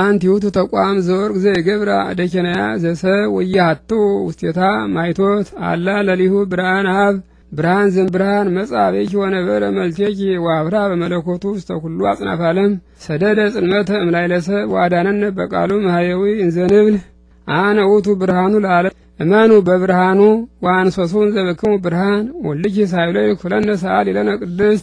አንቲ አንቲዩቱ ተቋም ዘወርቅ ዘይገብራ ደኬናያ ዘሰብ ወያሃቱ ውስቴታ ማይቶት አላ ለሊሁ ብርሃን አብ ብርሃን ዘእምብርሃን መጽአ ቤኪ ወነበረ መልቴኪ ወአብራ በመለኮቱ ውስተ ኩሉ አጽናፈ ዓለም ሰደደ ጽልመተ እምላዕለ ሰብ ወአዳነነ በቃሉ መኃየዊ እንዘንብል ንብል አነ ውእቱ ብርሃኑ ለዓለም እመኑ በብርሃኑ ወአንሶሱን ዘበክሙ ብርሃን ወልኪ ሳይለይ ኩለነ ሰዓሊ ለነ ቅድስት